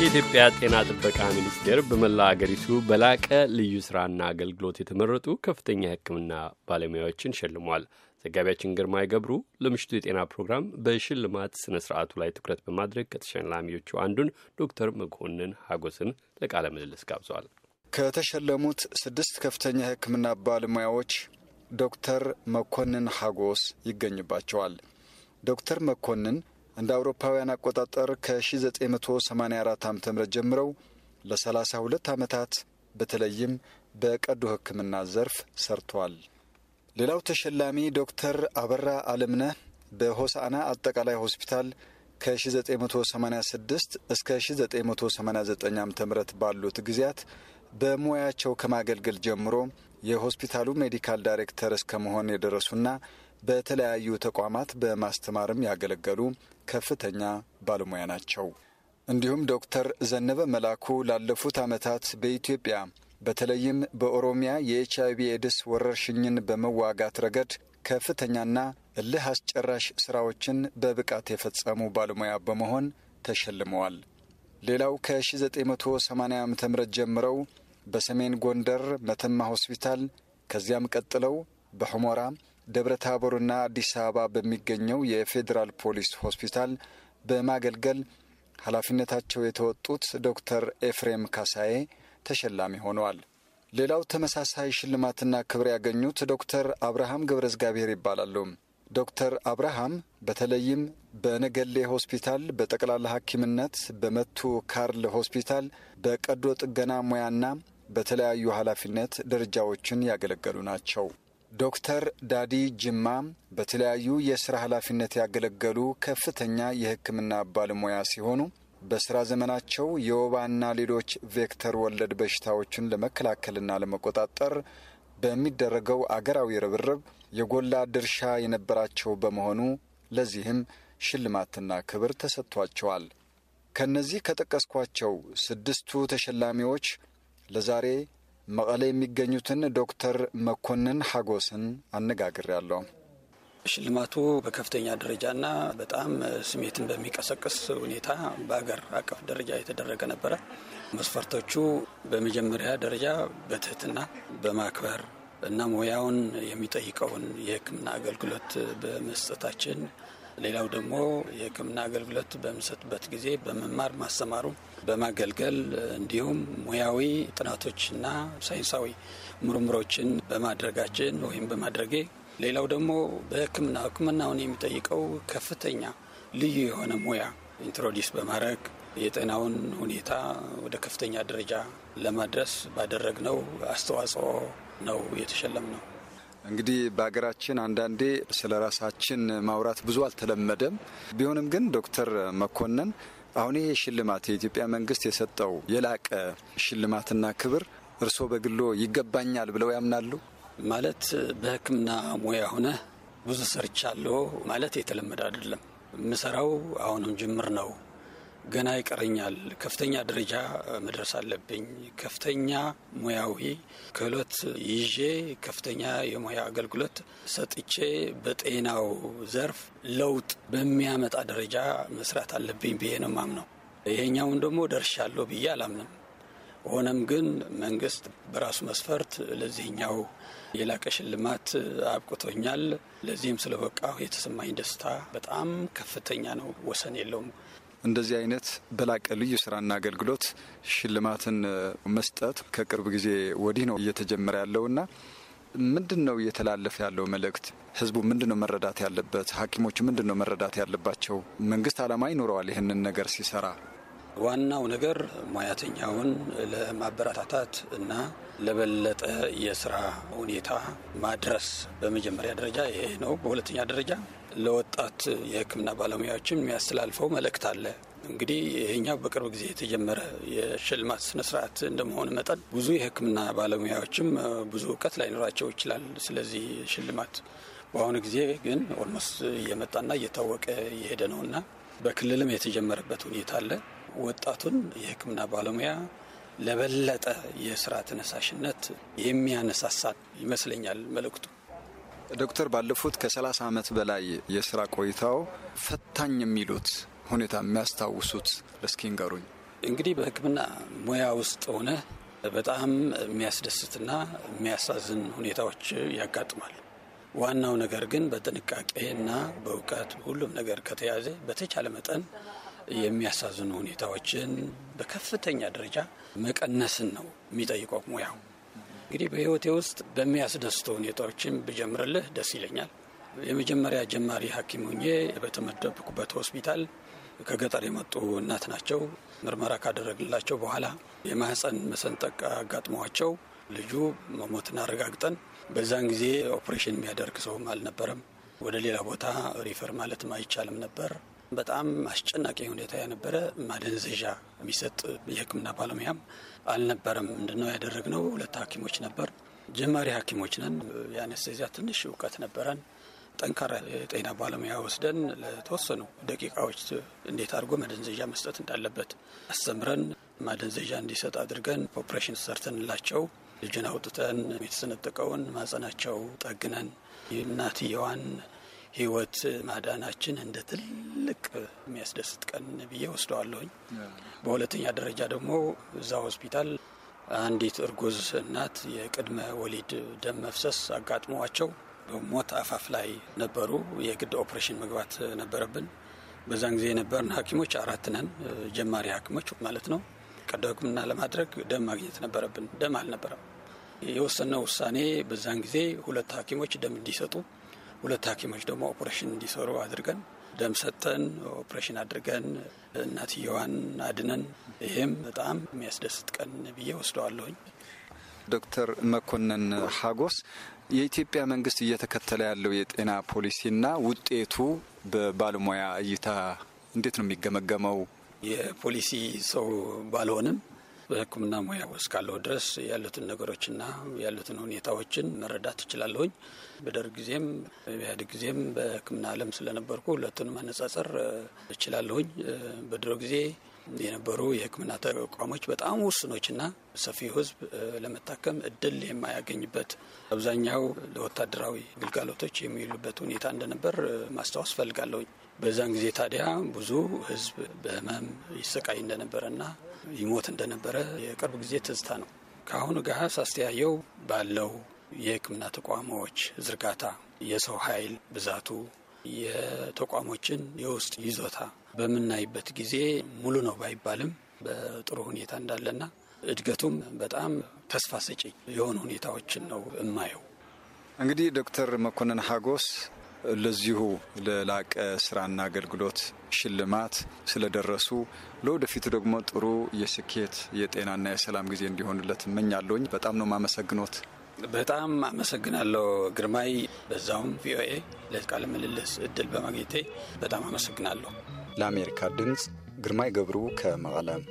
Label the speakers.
Speaker 1: የኢትዮጵያ ጤና ጥበቃ ሚኒስቴር በመላ አገሪቱ በላቀ ልዩ ስራና አገልግሎት የተመረጡ ከፍተኛ የሕክምና ባለሙያዎችን ሸልሟል። ዘጋቢያችን ግርማይ ገብሩ ለምሽቱ የጤና ፕሮግራም በሽልማት ስነ ስርዓቱ ላይ ትኩረት በማድረግ ከተሸላሚዎቹ አንዱን ዶክተር መኮንን ሀጎስን ለቃለ ምልልስ ጋብዟል።
Speaker 2: ከተሸለሙት ስድስት ከፍተኛ የሕክምና ባለሙያዎች ዶክተር መኮንን ሐጎስ ይገኙባቸዋል። ዶክተር መኮንን እንደ አውሮፓውያን አቆጣጠር ከ1984 ዓ ም ጀምረው ለ32 ዓመታት በተለይም በቀዶ ሕክምና ዘርፍ ሰርተዋል። ሌላው ተሸላሚ ዶክተር አበራ አለምነህ በሆሳዕና አጠቃላይ ሆስፒታል ከ1986 እስከ 1989 ዓ ም ባሉት ጊዜያት በሙያቸው ከማገልገል ጀምሮ የሆስፒታሉ ሜዲካል ዳይሬክተር እስከመሆን የደረሱና በተለያዩ ተቋማት በማስተማርም ያገለገሉ ከፍተኛ ባለሙያ ናቸው። እንዲሁም ዶክተር ዘነበ መላኩ ላለፉት ዓመታት በኢትዮጵያ በተለይም በኦሮሚያ የኤች አይቪ ኤድስ ወረርሽኝን በመዋጋት ረገድ ከፍተኛና እልህ አስጨራሽ ስራዎችን በብቃት የፈጸሙ ባለሙያ በመሆን ተሸልመዋል። ሌላው ከ1980 ዓ ም ጀምረው በሰሜን ጎንደር መተማ ሆስፒታል ከዚያም ቀጥለው በሑመራ ደብረ ታቦርና አዲስ አበባ በሚገኘው የፌዴራል ፖሊስ ሆስፒታል በማገልገል ኃላፊነታቸው የተወጡት ዶክተር ኤፍሬም ካሳዬ ተሸላሚ ሆነዋል። ሌላው ተመሳሳይ ሽልማትና ክብር ያገኙት ዶክተር አብርሃም ገብረ እግዚአብሔር ይባላሉ። ዶክተር አብርሃም በተለይም በነገሌ ሆስፒታል በጠቅላላ ሐኪምነት፣ በመቱ ካርል ሆስፒታል በቀዶ ጥገና ሙያና በተለያዩ ኃላፊነት ደረጃዎችን ያገለገሉ ናቸው። ዶክተር ዳዲ ጅማ በተለያዩ የሥራ ኃላፊነት ያገለገሉ ከፍተኛ የሕክምና ባለሙያ ሲሆኑ በሥራ ዘመናቸው የወባና ሌሎች ቬክተር ወለድ በሽታዎችን ለመከላከልና ለመቆጣጠር በሚደረገው አገራዊ ርብርብ የጎላ ድርሻ የነበራቸው በመሆኑ ለዚህም ሽልማትና ክብር ተሰጥቷቸዋል። ከእነዚህ ከጠቀስኳቸው ስድስቱ ተሸላሚዎች ለዛሬ መቀሌ የሚገኙትን ዶክተር መኮንን ሀጎስን አነጋግሬያለሁ። ሽልማቱ በከፍተኛ ደረጃና በጣም ስሜትን በሚቀሰቅስ ሁኔታ በሀገር አቀፍ
Speaker 1: ደረጃ የተደረገ ነበረ። መስፈርቶቹ በመጀመሪያ ደረጃ በትህትና በማክበር እና ሙያውን የሚጠይቀውን የሕክምና አገልግሎት በመስጠታችን፣ ሌላው ደግሞ የሕክምና አገልግሎት በምንሰጥበት ጊዜ በመማር ማስተማሩ በማገልገል እንዲሁም ሙያዊ ጥናቶችና ሳይንሳዊ ምርምሮችን በማድረጋችን ወይም በማድረጌ ሌላው ደግሞ በሕክምና ሕክምናውን የሚጠይቀው ከፍተኛ ልዩ የሆነ ሙያ ኢንትሮዲስ በማድረግ የጤናውን ሁኔታ ወደ ከፍተኛ ደረጃ ለማድረስ ባደረግነው አስተዋጽኦ
Speaker 2: ነው የተሸለም ነው። እንግዲህ በሀገራችን አንዳንዴ ስለ ራሳችን ማውራት ብዙ አልተለመደም። ቢሆንም ግን ዶክተር መኮንን አሁን ይሄ ሽልማት የኢትዮጵያ መንግስት የሰጠው የላቀ ሽልማትና ክብር እርስዎ በግሎ ይገባኛል ብለው ያምናሉ? ማለት በሕክምና ሙያ ሆነ ብዙ ሰርቻለሁ
Speaker 1: ማለት የተለመደ አይደለም። የምሰራው አሁንም ጅምር ነው። ገና ይቀረኛል፣ ከፍተኛ ደረጃ መድረስ አለብኝ፣ ከፍተኛ ሙያዊ ክህሎት ይዤ ከፍተኛ የሙያ አገልግሎት ሰጥቼ በጤናው ዘርፍ ለውጥ በሚያመጣ ደረጃ መስራት አለብኝ ብዬ ነው ማምነው። ይሄኛውን ደግሞ ደርሻለሁ ብዬ አላምንም። ሆነም ግን መንግስት በራሱ መስፈርት ለዚህኛው የላቀ ሽልማት አብቅቶኛል። ለዚህም ስለበቃሁ የተሰማኝ
Speaker 2: ደስታ በጣም ከፍተኛ ነው፣ ወሰን የለውም። እንደዚህ አይነት በላቀ ልዩ ስራና አገልግሎት ሽልማትን መስጠት ከቅርብ ጊዜ ወዲህ ነው እየተጀመረ ያለውና ምንድን ነው እየተላለፈ ያለው መልእክት? ህዝቡ ምንድን ነው መረዳት ያለበት? ሐኪሞቹ ምንድን ነው መረዳት ያለባቸው? መንግስት ዓላማ ይኖረዋል ይህንን ነገር ሲሰራ
Speaker 1: ዋናው ነገር ሙያተኛውን ለማበረታታት እና ለበለጠ የስራ ሁኔታ ማድረስ በመጀመሪያ ደረጃ ይሄ ነው። በሁለተኛ ደረጃ ለወጣት የሕክምና ባለሙያዎችን የሚያስተላልፈው መልእክት አለ። እንግዲህ ይሄኛው በቅርብ ጊዜ የተጀመረ የሽልማት ስነስርዓት እንደመሆን መጠን ብዙ የሕክምና ባለሙያዎችም ብዙ እውቀት ላይኖራቸው ይችላል። ስለዚህ ሽልማት በአሁኑ ጊዜ ግን ኦልሞስት እየመጣና እየታወቀ እየሄደ ነውና በክልልም የተጀመረበት ሁኔታ አለ። ወጣቱን የሕክምና ባለሙያ ለበለጠ የስራ ተነሳሽነት
Speaker 2: የሚያነሳሳ ይመስለኛል መልእክቱ። ዶክተር ባለፉት ከ ከ30 ዓመት በላይ የስራ ቆይታው ፈታኝ የሚሉት ሁኔታ የሚያስታውሱት እስኪ ንገሩኝ። እንግዲህ በሕክምና ሙያ ውስጥ ሆነ በጣም የሚያስደስትና
Speaker 1: የሚያሳዝን ሁኔታዎች ያጋጥማል። ዋናው ነገር ግን በጥንቃቄና በእውቀት ሁሉም ነገር ከተያዘ በተቻለ መጠን የሚያሳዝኑ ሁኔታዎችን በከፍተኛ ደረጃ መቀነስን ነው የሚጠይቀው ሙያው። እንግዲህ በህይወቴ ውስጥ በሚያስደስቱ ሁኔታዎችን ብጀምርልህ ደስ ይለኛል። የመጀመሪያ ጀማሪ ሐኪም ሆኜ በተመደብኩበት ሆስፒታል ከገጠር የመጡ እናት ናቸው። ምርመራ ካደረግንላቸው በኋላ የማህፀን መሰንጠቅ አጋጥሟቸው ልጁ መሞትን አረጋግጠን በዛን ጊዜ ኦፕሬሽን የሚያደርግ ሰውም አልነበረም። ወደ ሌላ ቦታ ሪፈር ማለትም አይቻልም ነበር። በጣም አስጨናቂ ሁኔታ የነበረ ማደንዘዣ የሚሰጥ የሕክምና ባለሙያም አልነበረም። ምንድነው ያደረግነው? ሁለት ሐኪሞች ነበር። ጀማሪ ሐኪሞች ነን። የአነስተዚያ ትንሽ እውቀት ነበረን። ጠንካራ የጤና ባለሙያ ወስደን ለተወሰኑ ደቂቃዎች እንዴት አድርጎ ማደንዘዣ መስጠት እንዳለበት አስተምረን ማደንዘዣ እንዲሰጥ አድርገን ኦፕሬሽን ሰርተንላቸው ልጅን አውጥተን የተሰነጠቀውን ማጸናቸው ጠግነን እናትየዋን ህይወት ማዳናችን እንደ ትል ትልቅ የሚያስደስት ቀን ብዬ ወስደዋለሁኝ። በሁለተኛ ደረጃ ደግሞ እዛ ሆስፒታል አንዲት እርጉዝ እናት የቅድመ ወሊድ ደም መፍሰስ አጋጥሟቸው በሞት አፋፍ ላይ ነበሩ። የግድ ኦፕሬሽን መግባት ነበረብን። በዛን ጊዜ የነበርን ሐኪሞች አራት ነን፣ ጀማሪ ሐኪሞች ማለት ነው። ቀዶ ሕክምና ለማድረግ ደም ማግኘት ነበረብን። ደም አልነበረም። የወሰነው ውሳኔ በዛን ጊዜ ሁለት ሐኪሞች ደም እንዲሰጡ፣ ሁለት ሐኪሞች ደግሞ ኦፕሬሽን እንዲሰሩ አድርገን ደም ሰጥተን ኦፕሬሽን አድርገን እናትየዋን አድነን፣ ይህም
Speaker 2: በጣም የሚያስደስት ቀን ብዬ ወስደዋለሁኝ። ዶክተር መኮንን ሀጎስ የኢትዮጵያ መንግስት እየተከተለ ያለው የጤና ፖሊሲና ውጤቱ በባለሙያ እይታ እንዴት ነው የሚገመገመው?
Speaker 1: የፖሊሲ ሰው ባልሆንም በሕክምና ሙያ ውስጥ ካለው ድረስ ያሉትን ነገሮችና ያሉትን ሁኔታዎችን መረዳት ትችላለሁኝ። በደርግ ጊዜም በኢህአዴግ ጊዜም በሕክምና ዓለም ስለነበርኩ ሁለቱንም ማነጻጸር እችላለሁኝ። በድሮ ጊዜ የነበሩ የሕክምና ተቋሞች በጣም ውስኖችና ሰፊው ሕዝብ ለመታከም እድል የማያገኝበት አብዛኛው ለወታደራዊ ግልጋሎቶች የሚውሉበት ሁኔታ እንደነበር ማስታወስ ፈልጋለሁ። በዛን ጊዜ ታዲያ ብዙ ሕዝብ በህመም ይሰቃይ እንደነበረና ይሞት እንደነበረ የቅርብ ጊዜ ትዝታ ነው። ከአሁኑ ጋር ሳስተያየው ባለው የሕክምና ተቋሞች ዝርጋታ፣ የሰው ኃይል ብዛቱ፣ የተቋሞችን የውስጥ ይዞታ በምናይበት ጊዜ ሙሉ ነው ባይባልም በጥሩ ሁኔታ እንዳለና እድገቱም በጣም ተስፋ ሰጪ የሆኑ ሁኔታዎችን
Speaker 2: ነው እማየው። እንግዲህ ዶክተር መኮንን ሀጎስ ለዚሁ ለላቀ ስራና አገልግሎት ሽልማት ስለደረሱ ለወደፊቱ ደግሞ ጥሩ የስኬት የጤናና የሰላም ጊዜ እንዲሆንለት እመኛለሁኝ። በጣም ነው ማመሰግኖት።
Speaker 1: በጣም አመሰግናለሁ ግርማይ። በዛውም ቪኦኤ ለቃለ ምልልስ እድል
Speaker 2: በማግኘቴ በጣም አመሰግናለሁ። ለአሜሪካ ድምፅ ግርማይ ገብሩ ከመቐለም